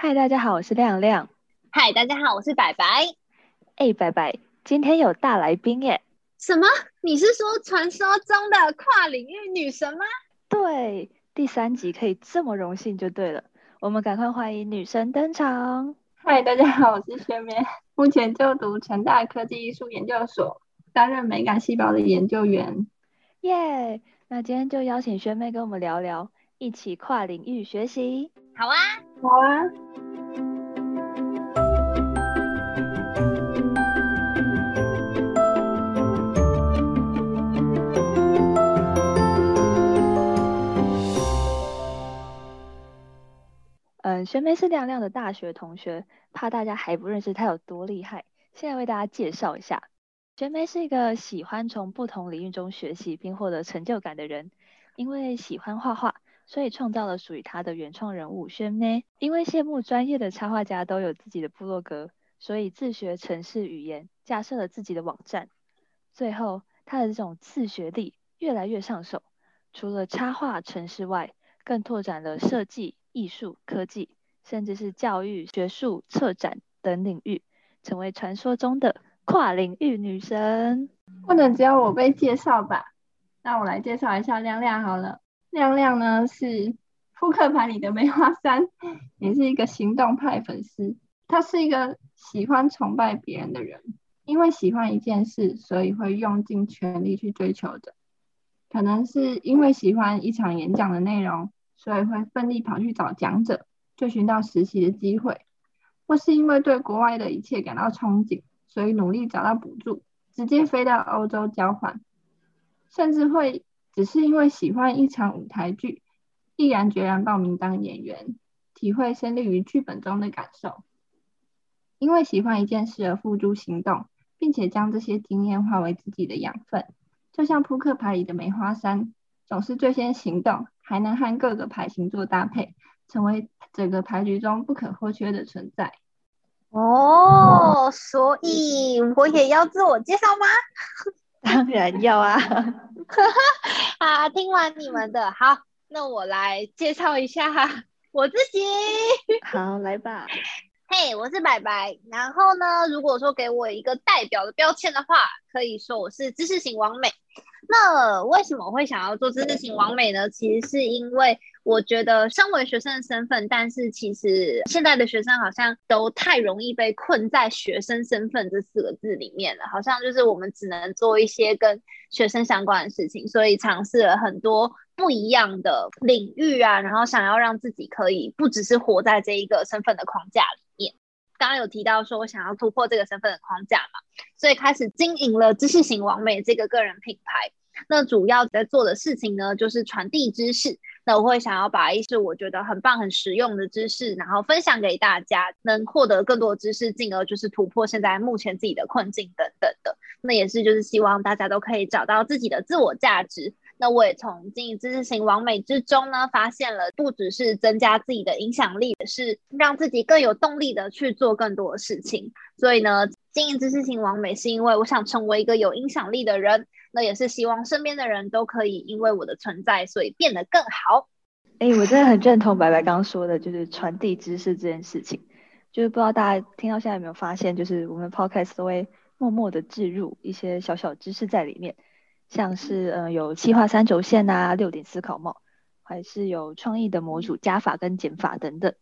嗨，Hi, 大家好，我是亮亮。嗨，大家好，我是白白。哎、欸，白白，今天有大來賓耶！什麼？你是說傳說中的跨領域女神嗎？對，第三集可以這麼榮幸就對了。我們趕快歡迎女神登場。嗨，大家好，我是瑄咩，目前就讀成大科技藝術研究所，擔任美感細胞的研究員。耶，yeah, 那今天就邀請瑄咩跟我們聊聊。一起跨領域學習，好啊，好啊。嗯，瑄咩是亮亮的大學同學，怕大家還不認識她有多厲害，現在為大家介紹一下。瑄咩是一個喜歡從不同領域中學習並獲得成就感的人，因為喜歡畫畫，所以創造了屬於他的原創人物瑄咩。因為羨慕專業的插畫家都有自己的部落格，所以自學程式語言，架設了自己的網站。最後，他的這種自學力越來越上手，除了插畫程式外，更拓展了設計、藝術、科技，甚至是教育、學術、策展等領域，成為傳說中的跨領域女神。不能只有我被介紹吧？那我來介紹一下亮亮好了。亮亮呢是撲克牌裡的梅花三，也是一個行動派粉絲。他是一個喜歡崇拜別人的人，因為喜歡一件事，所以會用盡全力去追求着。可能是因為喜歡一場演講的內容，所以會奮力跑去找講者，追尋到實習的機會；或是因為對國外的一切感到憧憬，所以努力找到補助，直接飛到歐洲交換，甚至會。只是因為喜歡一場舞台劇，毅然決然報名當演員，體會身歷於劇本中的感受。因為喜歡一件事而付諸行動，並且將這些經驗化為自己的養分，就像撲克牌裡的梅花三，總是最先行動，還能和各個牌型做搭配，成為整個牌局中不可或缺的存在。哦，oh, 所以我也要自我介紹嗎？當然要啊！哈 啊，聽完你們的，好，那我來介紹一下我自己。 好，來吧。嘿，hey, 我是白白。然後呢，如果說給我一個代表的標籤的話，可以說我是知識型完美。那為什麼我會想要做這件事情完美呢？其實是因為我覺得，身為學生的身份，但是其實現在的學生好像都太容易被困在“學生身份”這四個字裡面了，好像就是我們只能做一些跟學生相關的事情，所以嘗試了很多不一樣的領域啊，然後想要讓自己可以不只是活在這一個身份的框架裡面。剛剛有提到說我想要突破這個身份的框架嘛？最開始經營了知識型網美這個個人品牌，那主要在做的事情呢，就是傳遞知識。那我會想要把一些我覺得很棒、很實用的知識，然後分享給大家，能獲得更多知識，進而就是突破現在目前自己的困境等等的。那也是就是希望大家都可以找到自己的自我價值。那我也從經營知識型完美之中呢，發現了不只是增加自己的影響力，也是讓自己更有動力的去做更多的事情。所以呢，經營知識型完美是因為我想成為一個有影響力的人，那也是希望身邊的人都可以因為我的存在，所以變得更好。哎，我真的很認同白白剛剛說的，就是傳遞知識這件事情。就是不知道大家聽到現在有沒有發現，就是我們 Podcast 都會默默的置入一些小小知識在裡面。像是呃有七畫三軸線吶、啊，六頂思考帽，還是有創意的模組加法跟減法等等，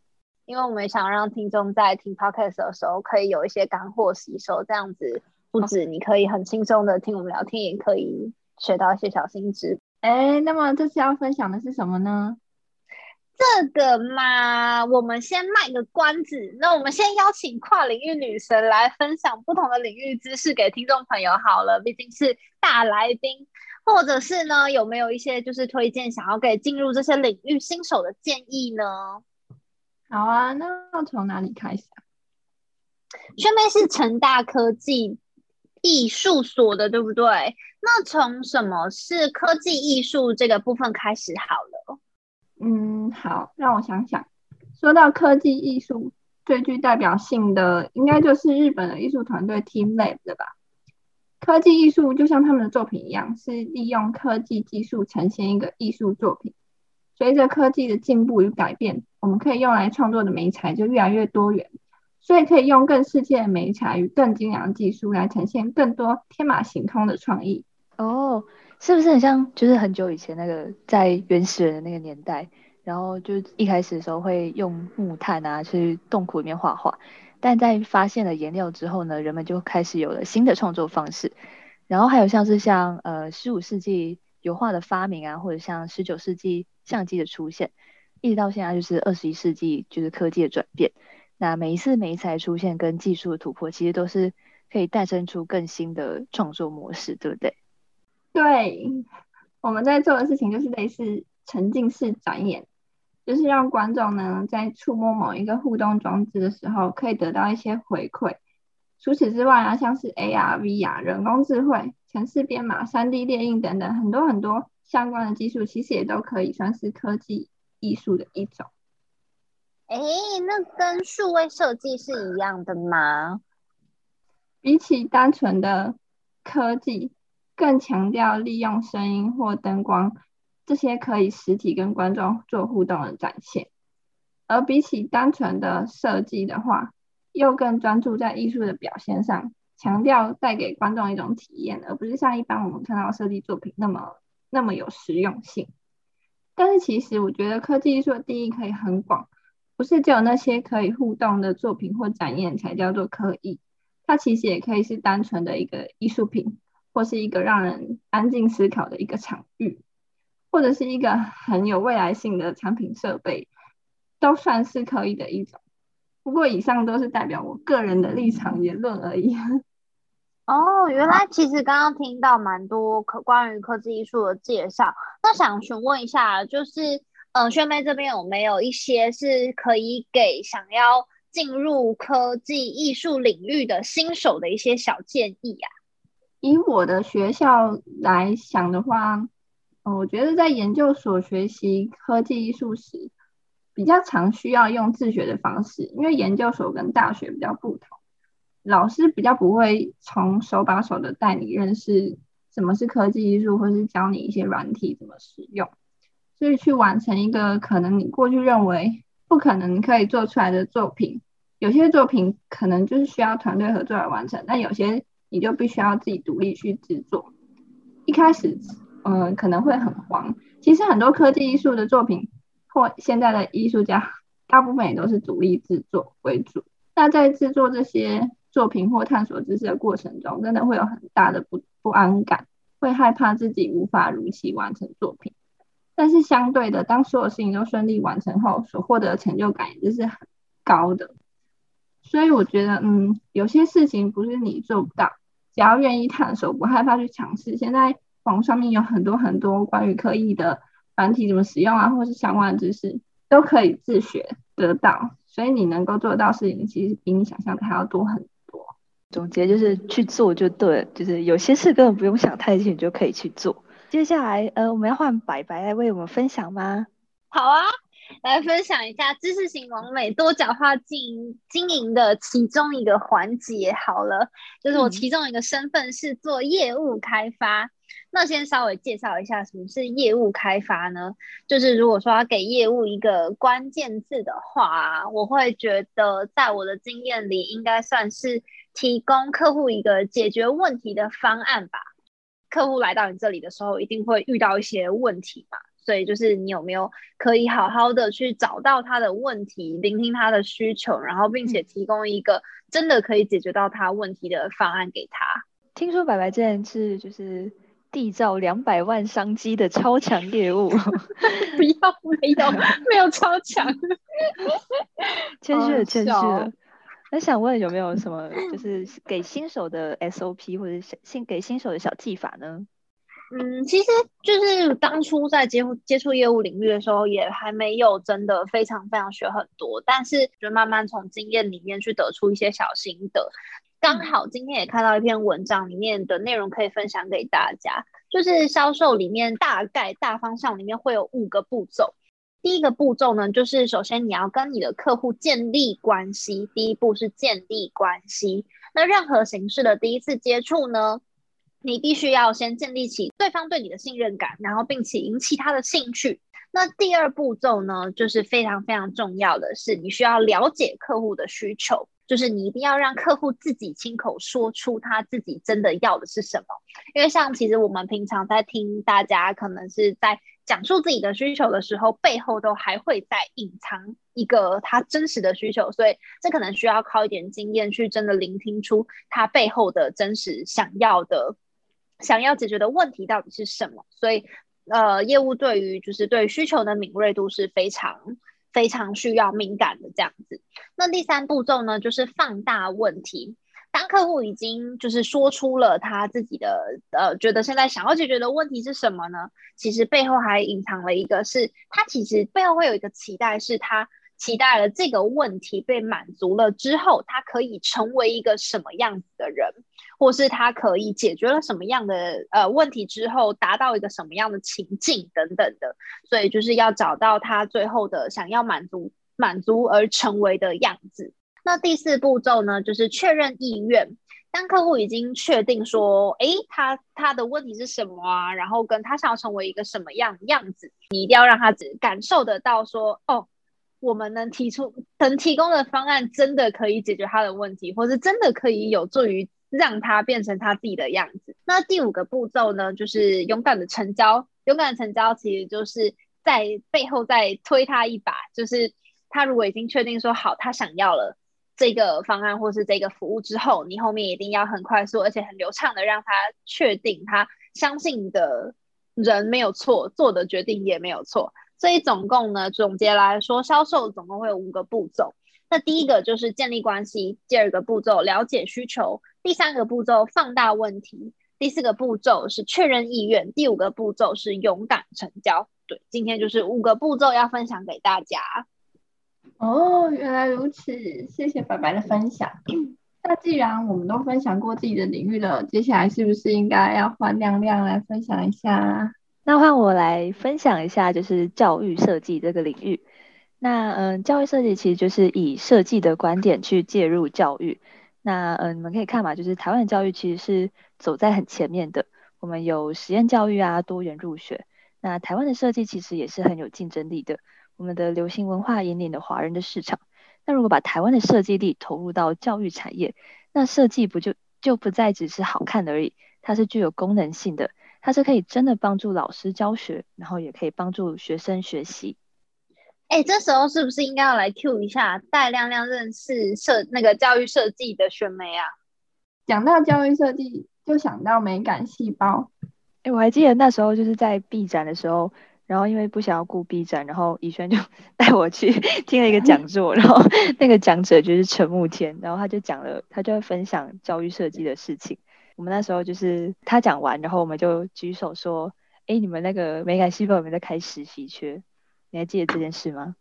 因為我們也想讓聽眾在聽 Podcast 的時候可以有一些乾貨吸收，這樣子不止你可以很輕鬆的聽我們聊天，也可以學到一些小心智。哎，那麼這次要分享的是什麼呢？這個嘛，我們先賣個關子。那我們先邀請跨領域女神來分享不同的領域知識給聽眾朋友好了。畢竟是大來賓，或者是呢，有沒有一些就是推薦想要給進入這些領域新手的建議呢？好啊，那從哪裡開始啊？下面是成大科技藝術所的，對不對？那從什麼是科技藝術這個部分開始好了。嗯，好，讓我想想。說到科技藝術，最具代表性的應該就是日本的藝術團隊 TeamLab，對吧？科技藝術就像他們的作品一樣，是利用科技技術呈現一個藝術作品。隨着科技的進步與改變，我們可以用來創作的媒材就越來越多元，所以可以用更世界的媒材與更精良的技術來呈現更多天馬行空的創意。哦。Oh. 是不是很像？就是很久以前那個在原始人的那個年代，然後就一開始的時候會用木炭啊去洞窟裡面畫畫，但在發現了顏料之後呢，人們就開始有了新的創作方式。然後還有像是像呃十五世紀油畫的發明啊，或者像十九世紀相機的出現，一直到現在就是二十一世紀就是科技的轉變。那每一次媒材出現跟技術的突破，其實都是可以誕生出更新的創作模式，對不對？對，我們在做的事情就是類似沉浸式展演，就是讓觀眾呢在觸摸某一個互動裝置的時候，可以得到一些回饋。除此之外啊，像是 AR、VR、啊、人工智慧、城市編碼、三 D 列印等等，很多很多相關的技術，其實也都可以算是科技藝術的一種。哎，那跟數位設計是一樣的嗎？比起單純的科技，更強調利用聲音或燈光這些可以實體跟觀眾做互動的展現，而比起單純的設計的話，又更專注在藝術的表現上，強調帶給觀眾一種體驗，而不是像一般我們看到設計作品那麼那麼有實用性。但是其實我覺得科技藝術的定義可以很廣，不是只有那些可以互動的作品或展演才叫做科藝，它其實也可以是單純的一個藝術品。或是一個讓人安靜思考的一個場域，或者是一個很有未來性的產品設備，都算是可以的一種。不過，以上都是代表我個人的立場言論而已。哦，原來其實剛剛聽到蠻多可關於科技藝術的介紹，好那想詢問一下，就是呃、嗯、瑄咩這邊有沒有一些是可以給想要進入科技藝術領域的新手的一些小建議啊？以我的學校來想的話，我覺得在研究所學習科技藝術時，比較常需要用自學的方式。因為研究所跟大學比較不同，老師比較不會從手把手的帶你認識什麼是科技藝術，或是教你一些軟體怎麼使用，所以去完成一個可能你過去認為不可能可以做出來的作品，有些作品可能就是需要團隊合作來完成，但有些。你就必須要自己獨立去製作，一開始，嗯、呃，可能會很慌。其實很多科技藝術的作品，或現在的藝術家，大部分也都是獨立製作為主。那在製作這些作品或探索知識的過程中，真的會有很大的不不安感，會害怕自己無法如期完成作品。但是相對的，當所有事情都順利完成後，所獲得的成就感也就是很高的。所以我覺得，嗯，有些事情不是你做不到，只要願意探索，不害怕去嘗試。現在網上面有很多很多關於刻意的繁體怎麼使用啊，或是相關知識，都可以自學得到。所以你能夠做到的事情，其實比你想象的還要多很多。總結就是去做就對了，就是有些事根本不用想太久就可以去做。接下來，呃，我們要換白白來為我們分享嗎？好啊。來分享一下知識型網美多角化經營經營的其中一個環節好了，就是我其中一個身份，是做業務開發，嗯、那先稍微介紹一下什麼是業務開發呢？就是如果說要給業務一個關鍵字的話，我會覺得在我的經驗裡應該算是提供客戶一個解決問題的方案吧。客戶來到你這裡的時候，一定會遇到一些問題吧。所以就是你有沒有可以好好的去找到他的問題，聆聽他的需求，然後並且提供一個真的可以解決到他問題的方案給他？聽說白白這件事就是締造兩百萬商機的超強業務， 不要，沒有 沒有超強，謙虛了，謙虛了。那想問有沒有什麼就是給新手的 SOP 或者新給新手的小技法呢？嗯，其實就是當初在接觸接觸業務領域的時候，也還沒有真的非常非常學很多，但是就慢慢從經驗裡面去得出一些小心得。剛好今天也看到一篇文章，裡面的內容可以分享給大家，就是銷售裡面大概大方向裡面會有五個步驟。第一個步驟呢，就是首先你要跟你的客戶建立關係，第一步是建立關係。那任何形式的第一次接觸呢？你必須要先建立起對方對你的信任感，然後並且引起他的興趣。那第二步驟呢，就是非常非常重要的是你需要了解客戶的需求，就是你一定要讓客戶自己親口說出他自己真的要的是什麼。因為像其實我們平常在聽大家可能是在講述自己的需求的時候，背後都還會在隱藏一個他真實的需求，所以這可能需要靠一點經驗去真的聆聽出他背後的真實想要的。想要解決的問題到底是什麼？所以，呃，業務對於就是對需求的敏銳度是非常非常需要敏感的這樣子。那第三步驟呢，就是放大問題。當客戶已經就是說出了他自己的，呃，覺得現在想要解決的問題是什麼呢？其實背後還隱藏了一個是，是他其實背後會有一個期待，是他期待了這個問題被滿足了之後，他可以成為一個什麼樣子的人。或是他可以解決了什麼樣的呃問題之後，達到一個什麼樣的情境等等的，所以就是要找到他最後的想要滿足滿足而成為的樣子。那第四步驟呢，就是確認意願。當客戶已經確定說，誒、欸，他他的問題是什麼啊，然後跟他想要成為一個什麼樣的樣子，你一定要讓他感受得到說，哦，我們能提出能提供的方案，真的可以解決他的問題，或是真的可以有助於。讓他變成他自己的樣子。那第五個步驟呢，就是勇敢的成交。勇敢的成交，其實就是在背後再推他一把。就是他如果已經確定說好，他想要了這個方案或是這個服務之後，你後面一定要很快速，而且很流暢的讓他確定，他相信的人沒有錯，做的決定也沒有錯。所以總共呢，總結來說，銷售總共會有五個步驟。那第一個就是建立關係，第二個步驟了解需求。第三個步驟放大問題，第四個步驟是確認意願，第五個步驟是勇敢成交。對，今天就是五個步驟要分享給大家。哦，原來如此，謝謝白白的分享。那既然我們都分享過自己的領域了，接下來是不是應該要換亮亮來分享一下？那換我來分享一下，就是教育設計這個領域。那嗯，教育設計其實就是以設計的觀點去介入教育。那嗯、呃，你們可以看嘛，就是台灣的教育其實是走在很前面的。我們有實驗教育啊，多元入學。那台灣的設計其實也是很有競爭力的。我們的流行文化引領的華人的市場。那如果把台灣的設計力投入到教育產業，那設計不就就不再只是好看而已，它是具有功能性的，它是可以真的幫助老師教學，然後也可以幫助學生學習。哎、欸，這時候是不是應該要來 Q 一下帶亮亮認識設那個教育設計的學妹啊？講到教育設計，就想到美感細胞。哎、欸，我還記得那時候就是在 B 站的時候，然後因為不想要顧 B 站，然後以瑄就帶我去聽了一個講座，然後那個講者就是陳慕天，然後他就講了，他就會分享教育設計的事情。我們那時候就是他講完，然後我們就舉手說：“哎、欸，你們那個美感細胞有沒有在開實習缺？”你還記得這件事嗎？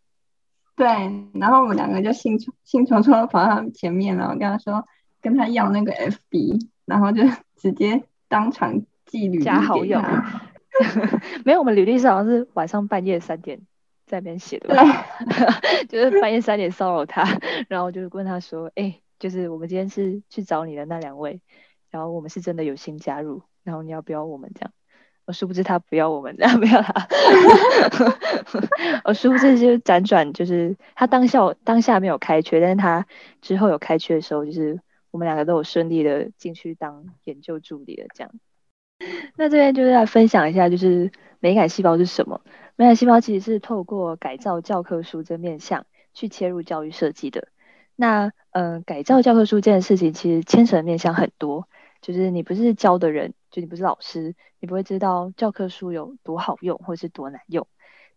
對，然後我們兩個就興沖興沖沖跑到他們前面了，我跟他說，跟他要那個 FB，然後就直接當場寄履歷加好友，啊。 沒有，我們履歷上好像是晚上半夜三點在那邊寫的吧，對， 就是半夜三點騷擾他，然後就問他說，哎、欸，就是我們今天是去找你的那兩位，然後我們是真的有幸加入，然後你要不要我們這樣？我殊不知他不要我們，不要他。 我 殊不知就輾轉，就是他當下當下沒有開缺，但是他之後有開缺的時候，就是我們兩個都有順利的進去當研究助理了。這樣，那這邊就是要分享一下，就是美感細胞是什麼？美感細胞其實是透過改造教科書這面向去切入教育設計的。那嗯、呃，改造教科書這件事情其實牽扯的面向很多，就是你不是教的人。就你不是老師，你不會知道教科書有多好用或是多難用。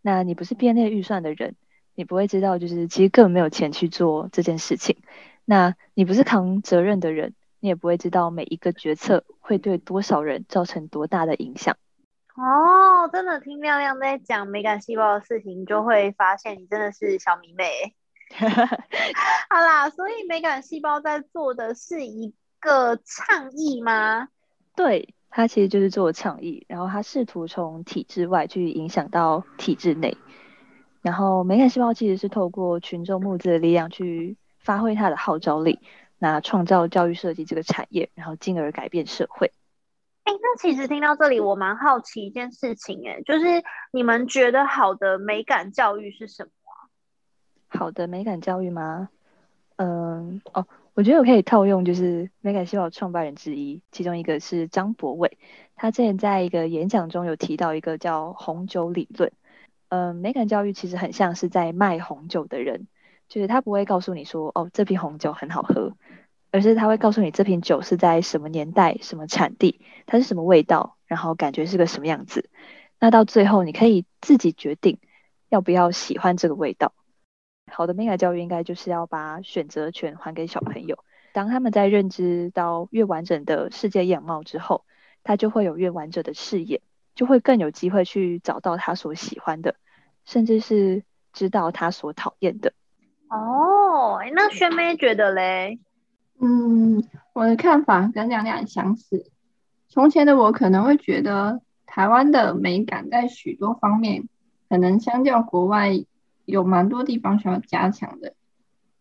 那你不是編列預算的人，你不會知道就是其實根本沒有錢去做這件事情。那你不是扛責任的人，你也不會知道每一個決策會對多少人造成多大的影響。哦，真的聽亮亮在講美感細胞的事情，你就會發現你真的是小迷妹。 好啦，所以美感細胞在做的是一個倡議嗎？對。他其實就是做倡議，然後他試圖從體制外去影響到體制內，然後美感細胞其實是透過群眾募資的力量去發揮它的號召力，那創造教育設計這個產業，然後進而改變社會。哎，那其實聽到這裡，我蠻好奇一件事情，哎，就是你們覺得好的美感教育是什麼？好的美感教育嗎？嗯，哦。我覺得我可以套用，就是美感細胞創辦人之一，其中一個是張柏韋，他之前在一個演講中有提到一個叫紅酒理論。嗯，美感教育其實很像是在賣紅酒的人，就是他不會告訴你說，哦，這瓶紅酒很好喝，而是他會告訴你這瓶酒是在什麼年代、什麼產地，它是什麼味道，然後感覺是個什麼樣子。那到最後你可以自己決定要不要喜歡這個味道。好的美感教育應該就是要把選擇權還給小朋友。當他們在認知到越完整的世界樣貌之後，他就會有越完整的視野，就會更有機會去找到他所喜歡的，甚至是知道他所討厭的。哦，oh, 那瑄咩覺得嘞？嗯，我的看法跟亮亮相似。從前的我可能會覺得台灣的美感在許多方面可能相較國外，有蠻多地方需要加強的，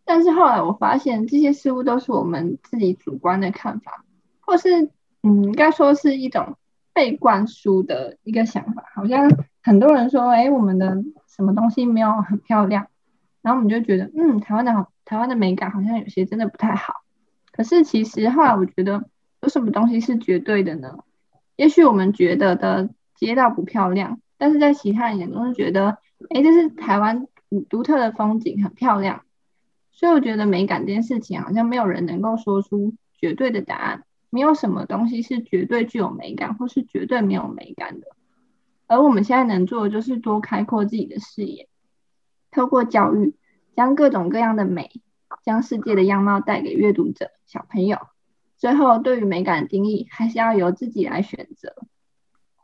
但是後來我發現這些似乎都是我們自己主觀的看法，或是嗯，應該說是一種被灌輸的一個想法。好像很多人說，誒、欸，我們的什麼東西沒有很漂亮，然後我們就覺得，嗯，台灣的好，台灣的美感好像有些真的不太好。可是其實後來我覺得，有什麼東西是絕對的呢？也許我們覺得的街道不漂亮，但是在其他人眼中就覺得，哎、欸，這是台灣獨特的風景很漂亮，所以我覺得美感這件事情好像沒有人能夠說出絕對的答案，沒有什麼東西是絕對具有美感或是絕對沒有美感的。而我們現在能做的就是多開闊自己的視野，透過教育將各種各樣的美，將世界的樣貌帶給閱讀者小朋友。最後，對於美感的定義，還是要由自己來選擇。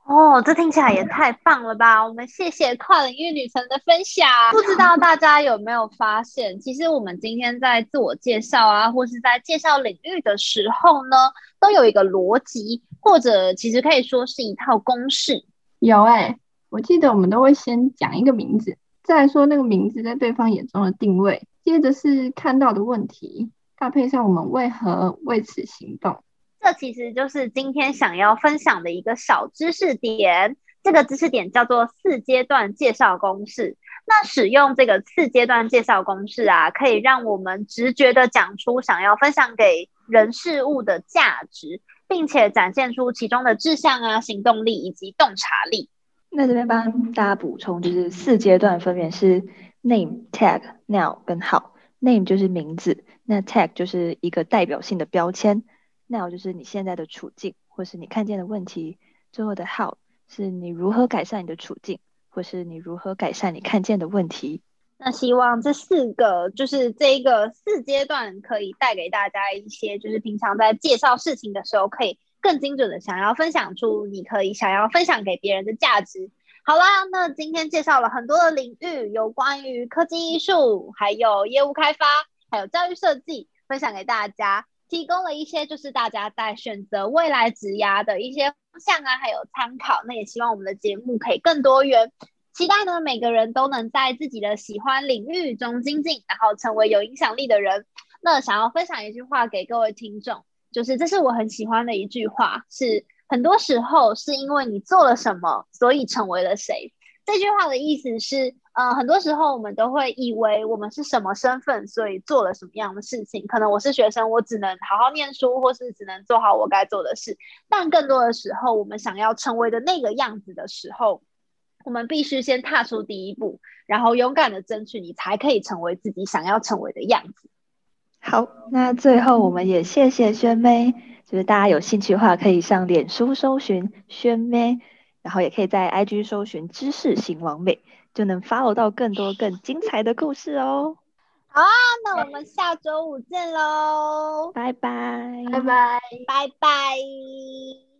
哦，這聽起來也太棒了吧！我們謝謝跨領域旅程的分享。不知道大家有沒有發現，其實我們今天在自我介紹啊，或是在介紹領域的時候呢，都有一個邏輯，或者其實可以說是一套公式。有哎、欸，我記得我們都會先講一個名字，再說那個名字在對方眼中的定位，接着是看到的問題，搭配上我們為何為此行動。這其實就是今天想要分享的一個小知識點。這個知識點叫做四階段介紹公式。那使用這個四階段介紹公式啊，可以讓我們直覺的講出想要分享給人事物的價值，並且展現出其中的志向啊、行動力以及洞察力。那這邊幫大家補充，就是四階段分別是 Name、Tag、Now 跟 How。Name 就是名字，那 Tag 就是一個代表性的標籤。那 Now，就是你現在的處境，或是你看見的問題，最後的 how 是你如何改善你的處境，或是你如何改善你看見的問題。那希望這四個就是這一個四階段，可以帶給大家一些，就是平常在介紹事情的時候，可以更精準地想要分享出你可以想要分享給別人的價值。好啦，那今天介紹了很多的領域，有關於科技藝術，還有業務開發，還有教育設計，分享給大家。提供了一些就是大家在選擇未來職涯的一些方向啊，還有參考。那也希望我們的節目可以更多元，期待呢每個人都能在自己的喜歡領域中精進，然後成為有影響力的人。那想要分享一句話給各位聽眾，就是這是我很喜歡的一句話，是很多時候是因為你做了什麼，所以成為了誰。這句話的意思是。嗯、呃，很多時候我們都會以為我們是什麼身份，所以做了什麼樣的事情。可能我是學生，我只能好好念書，或是只能做好我該做的事。但更多的時候，我們想要成為的那個樣子的時候，我們必須先踏出第一步，然後勇敢的爭取，你才可以成為自己想要成為的樣子。好，那最後我們也謝謝瑄咩。就是大家有興趣的話，可以上臉書搜尋瑄咩，然後也可以在 IG 搜尋知識型網美。就能 follow 到更多更精彩的故事哦！ 好啊，那我們下周五見嘍！拜拜 bye，拜拜 bye，拜拜。